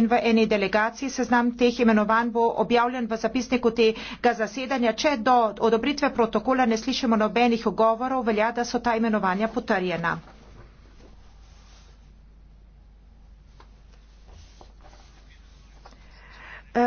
in v eni delegaciji. Seznam teh imenovanj bo objavljen v zapisniku tega zasedanja. Če do odobritve protokola ne slišimo nobenih ugovorov, velja, da so ta imenovanja potrjena.